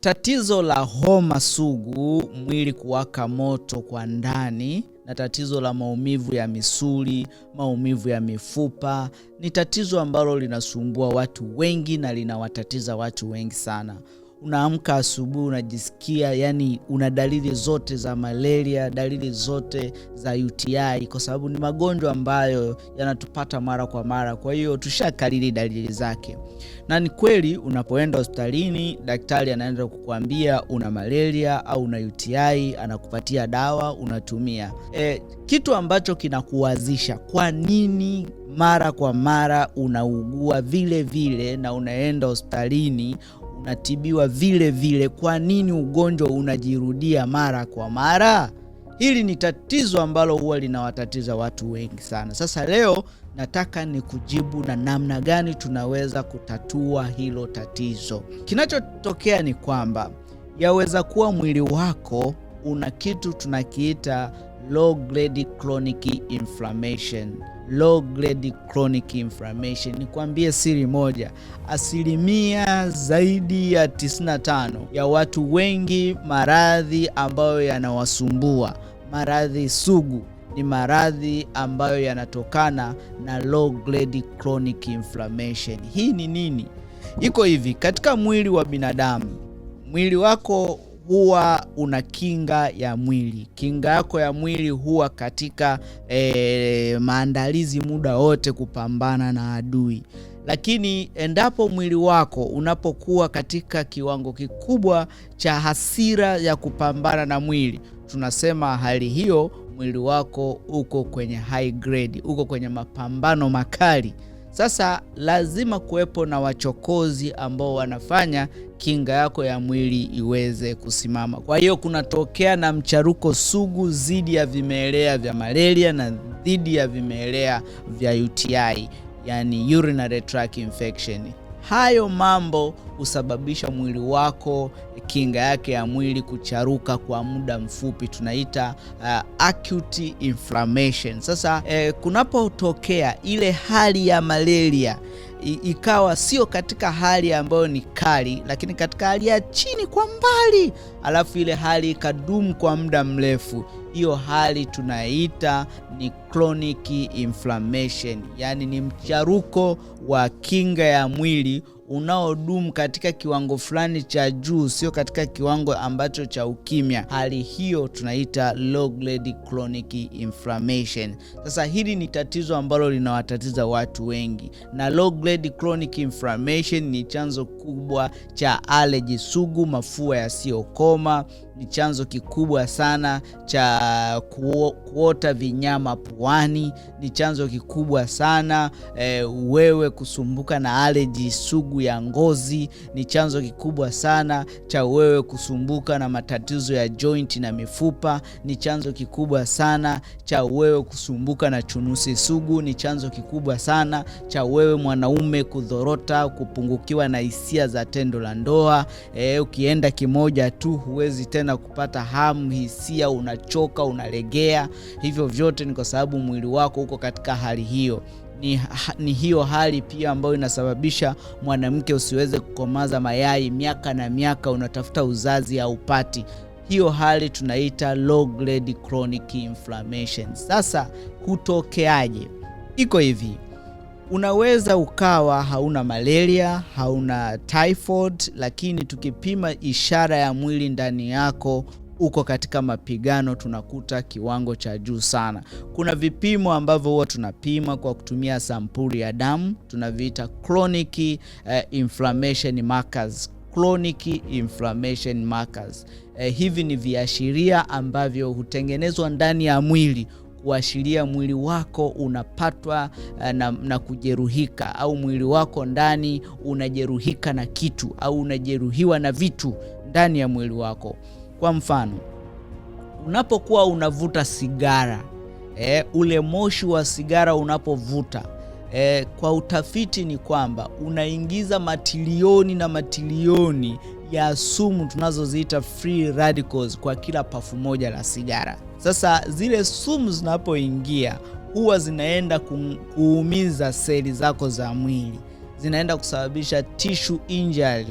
Tatizo la homa sugu, mwili kuwaka moto kwa ndani, na tatizo la maumivu ya misuli, maumivu ya mifupa ni tatizo ambalo linasumbua watu wengi na linawatatiza watu wengi sana unaamka asubuhi unajisikia yani una dalili zote za malaria, dalili zote za UTI, kwa sababu ni magonjwa ambayo yanatupata mara kwa mara. Kwa hiyo tushakalili dalili zake, na ni kweli unapoenda hospitalini, daktari anaenda kukuambia una malaria au una UTI, anakupatia dawa unatumia. E, kitu ambacho kinakuwazisha kwa nini mara kwa mara unaugua vile vile na unaenda hospitalini unatibiwa vile vile. Kwa nini ugonjwa unajirudia mara kwa mara? Hili ni tatizo ambalo huwa linawatatiza watu wengi sana. Sasa leo nataka ni kujibu na namna gani tunaweza kutatua hilo tatizo. Kinachotokea ni kwamba yaweza kuwa mwili wako una kitu tunakiita low grade chronic inflammation. Low grade chronic inflammation, nikwambie siri moja, asilimia zaidi ya 95 ya watu wengi, maradhi ambayo yanawasumbua maradhi sugu ni maradhi ambayo yanatokana na low grade chronic inflammation. Hii ni nini? Iko hivi, katika mwili wa binadamu, mwili wako huwa una kinga ya mwili. Kinga yako ya mwili huwa katika e, maandalizi muda wote kupambana na adui, lakini endapo mwili wako unapokuwa katika kiwango kikubwa cha hasira ya kupambana na mwili, tunasema hali hiyo mwili wako uko kwenye high grade, uko kwenye mapambano makali. Sasa lazima kuwepo na wachokozi ambao wanafanya kinga yako ya mwili iweze kusimama. Kwa hiyo kunatokea na mcharuko sugu dhidi ya vimelea vya malaria na dhidi ya vimelea vya UTI, yani urinary tract infection hayo mambo husababisha mwili wako kinga yake ya mwili kucharuka kwa muda mfupi, tunaita uh, acute inflammation. Sasa eh, kunapotokea ile hali ya malaria ikawa sio katika hali ambayo ni kali, lakini katika hali ya chini kwa mbali, alafu ile hali ikadumu kwa muda mrefu. Hiyo hali tunaita ni chronic inflammation, yani ni mcharuko wa kinga ya mwili unaodumu katika kiwango fulani cha juu, sio katika kiwango ambacho cha ukimya. Hali hiyo tunaita low grade chronic inflammation. Sasa hili ni tatizo ambalo linawatatiza watu wengi, na low grade chronic inflammation ni chanzo kubwa cha allergy sugu, mafua yasiyokoma ni chanzo kikubwa sana cha kuota vinyama puani, ni chanzo kikubwa sana e, wewe kusumbuka na aleji sugu ya ngozi, ni chanzo kikubwa sana cha wewe kusumbuka na matatizo ya joint na mifupa, ni chanzo kikubwa sana cha wewe kusumbuka na chunusi sugu, ni chanzo kikubwa sana cha wewe mwanaume kudhorota, kupungukiwa na hisia za tendo la ndoa. E, ukienda kimoja tu huwezi tena na kupata hamu, hisia, unachoka, unalegea. Hivyo vyote ni kwa sababu mwili wako uko katika hali hiyo. Ni, ni hiyo hali pia ambayo inasababisha mwanamke usiweze kukomaza mayai miaka na miaka, unatafuta uzazi haupati. Hiyo hali tunaita low grade chronic inflammation. Sasa kutokeaje? Iko hivi unaweza ukawa hauna malaria, hauna typhoid, lakini tukipima ishara ya mwili ndani yako uko katika mapigano, tunakuta kiwango cha juu sana. Kuna vipimo ambavyo huwa tunapima kwa kutumia sampuli ya damu, tunaviita chronic uh, inflammation markers chronic inflammation markers. Eh, hivi ni viashiria ambavyo hutengenezwa ndani ya mwili kuashiria mwili wako unapatwa eh, na, na kujeruhika au mwili wako ndani unajeruhika na kitu au unajeruhiwa na vitu ndani ya mwili wako. Kwa mfano, unapokuwa unavuta sigara e, ule moshi wa sigara unapovuta e, kwa utafiti ni kwamba unaingiza matilioni na matilioni ya sumu tunazoziita free radicals kwa kila pafu moja la sigara. Sasa zile sumu zinapoingia huwa zinaenda kuumiza seli zako za mwili, zinaenda kusababisha tissue injury,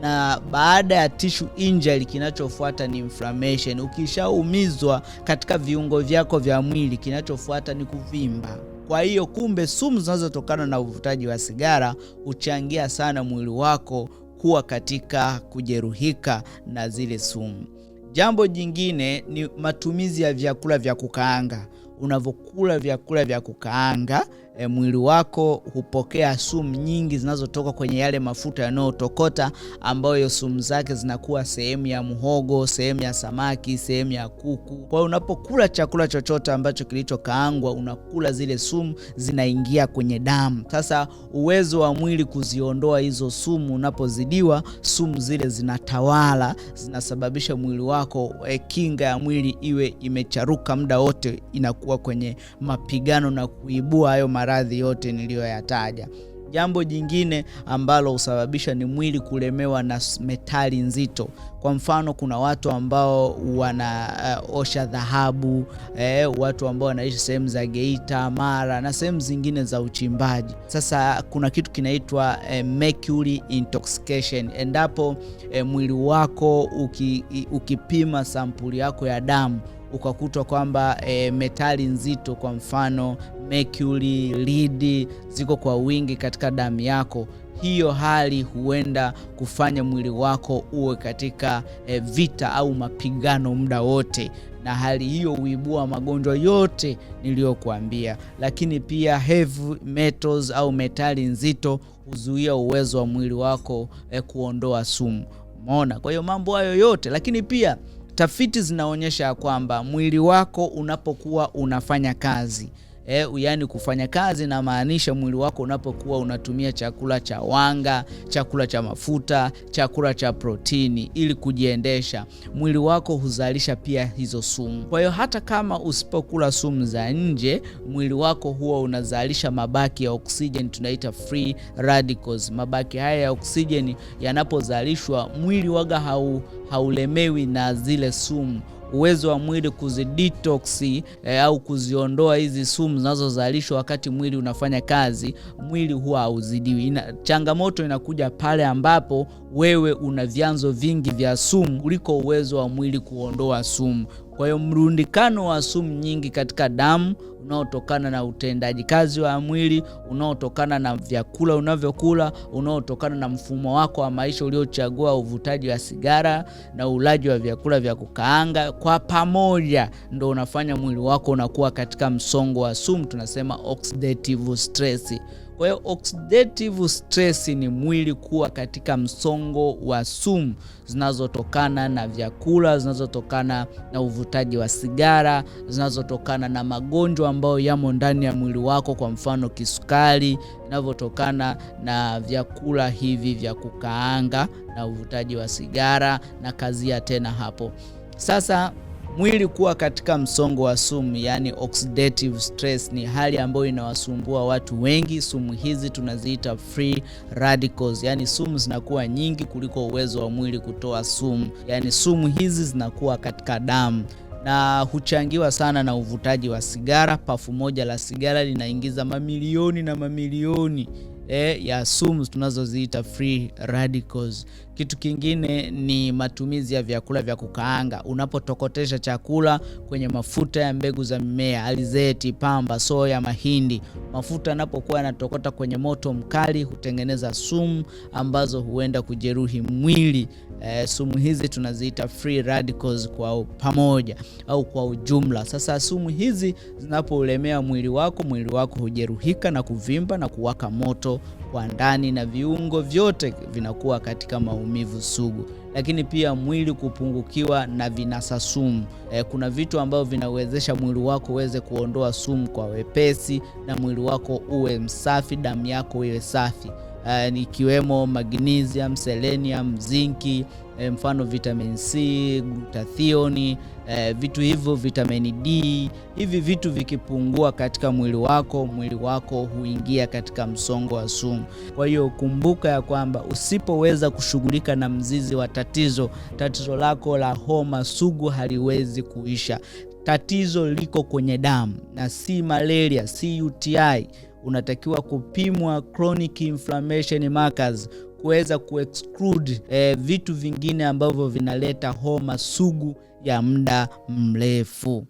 na baada ya tissue injury kinachofuata ni inflammation. Ukishaumizwa katika viungo vyako vya mwili, kinachofuata ni kuvimba. Kwa hiyo kumbe, sumu zinazotokana na uvutaji wa sigara huchangia sana mwili wako kuwa katika kujeruhika na zile sumu. Jambo jingine ni matumizi ya vyakula vya kukaanga unavyokula vyakula vya kukaanga e, mwili wako hupokea sumu nyingi zinazotoka kwenye yale mafuta yanayotokota, ambayo sumu zake zinakuwa sehemu ya muhogo, sehemu ya samaki, sehemu ya kuku. Kwa hiyo unapokula chakula chochote ambacho kilichokaangwa, unakula zile sumu, zinaingia kwenye damu. Sasa uwezo wa mwili kuziondoa hizo sumu unapozidiwa, sumu zile zinatawala, zinasababisha mwili wako e, kinga ya mwili iwe imecharuka muda wote, inakuwa kuwa kwenye mapigano na kuibua hayo maradhi yote niliyoyataja. Jambo jingine ambalo husababisha ni mwili kulemewa na metali nzito. Kwa mfano, kuna watu ambao wanaosha uh, dhahabu eh, watu ambao wanaishi sehemu za Geita, Mara na sehemu zingine za uchimbaji. Sasa kuna kitu kinaitwa eh, mercury intoxication. Endapo eh, mwili wako uki, ukipima sampuli yako ya damu ukakutwa kwamba e, metali nzito kwa mfano mercury, lidi ziko kwa wingi katika damu yako, hiyo hali huenda kufanya mwili wako uwe katika e, vita au mapigano muda wote na hali hiyo huibua magonjwa yote niliyokuambia. Lakini pia heavy metals au metali nzito huzuia uwezo wa mwili wako e, kuondoa sumu. mona Kwa hiyo mambo hayo yote, lakini pia Tafiti zinaonyesha ya kwamba mwili wako unapokuwa unafanya kazi E, yaani kufanya kazi na maanisha mwili wako unapokuwa unatumia chakula cha wanga, chakula cha mafuta, chakula cha protini ili kujiendesha, mwili wako huzalisha pia hizo sumu. Kwa hiyo hata kama usipokula sumu za nje, mwili wako huwa unazalisha mabaki ya oksijeni, tunaita free radicals. Mabaki haya ya oksijeni yanapozalishwa, mwili waga hau, haulemewi na zile sumu uwezo wa mwili kuzidetox e, au kuziondoa hizi sumu zinazozalishwa wakati mwili unafanya kazi, mwili huwa hauzidiwi. Ina, changamoto inakuja pale ambapo wewe una vyanzo vingi vya sumu kuliko uwezo wa mwili kuondoa sumu. Kwa hiyo mrundikano wa sumu nyingi katika damu unaotokana na utendaji kazi wa mwili, unaotokana na vyakula unavyokula, unaotokana na mfumo wako wa maisha uliochagua, uvutaji wa sigara na ulaji wa vyakula vya kukaanga, kwa pamoja ndo unafanya mwili wako unakuwa katika msongo wa sumu, tunasema oxidative stress. Kwa hiyo oxidative stress ni mwili kuwa katika msongo wa sumu zinazotokana na vyakula, zinazotokana na uvutaji wa sigara, zinazotokana na magonjwa ambayo yamo ndani ya mwili wako, kwa mfano kisukari inavyotokana na vyakula hivi vya kukaanga na uvutaji wa sigara na kazia tena hapo. Sasa mwili kuwa katika msongo wa sumu, yani oxidative stress, ni hali ambayo inawasumbua watu wengi. Sumu hizi tunaziita free radicals, yani sumu zinakuwa nyingi kuliko uwezo wa mwili kutoa sumu, yani sumu hizi zinakuwa katika damu na huchangiwa sana na uvutaji wa sigara. Pafu moja la sigara linaingiza mamilioni na mamilioni eh, ya sumu tunazoziita free radicals. Kitu kingine ni matumizi ya vyakula vya kukaanga. Unapotokotesha chakula kwenye mafuta ya mbegu za mimea, alizeti, pamba, soya, mahindi, mafuta yanapokuwa yanatokota kwenye moto mkali hutengeneza sumu ambazo huenda kujeruhi mwili. E, sumu hizi tunaziita free radicals kwa pamoja au kwa ujumla. Sasa sumu hizi zinapoulemea mwili wako, mwili wako hujeruhika na kuvimba na kuwaka moto kwa ndani na viungo vyote vinakuwa katika maumivu maumivu sugu, lakini pia mwili kupungukiwa na vinasa sumu. E, kuna vitu ambavyo vinawezesha mwili wako uweze kuondoa sumu kwa wepesi na mwili wako uwe msafi, damu yako iwe safi uh, ikiwemo magnesium, selenium, zinki, eh, mfano vitamin C, glutathione, uh, vitu hivyo, vitamin D. Hivi vitu vikipungua katika mwili wako, mwili wako huingia katika msongo wa sumu. Kwa hiyo kumbuka ya kwamba usipoweza kushughulika na mzizi wa tatizo, tatizo lako la homa sugu haliwezi kuisha. Tatizo liko kwenye damu na si malaria, si UTI unatakiwa kupimwa chronic inflammation markers kuweza kuexclude eh, vitu vingine ambavyo vinaleta homa sugu ya muda mrefu.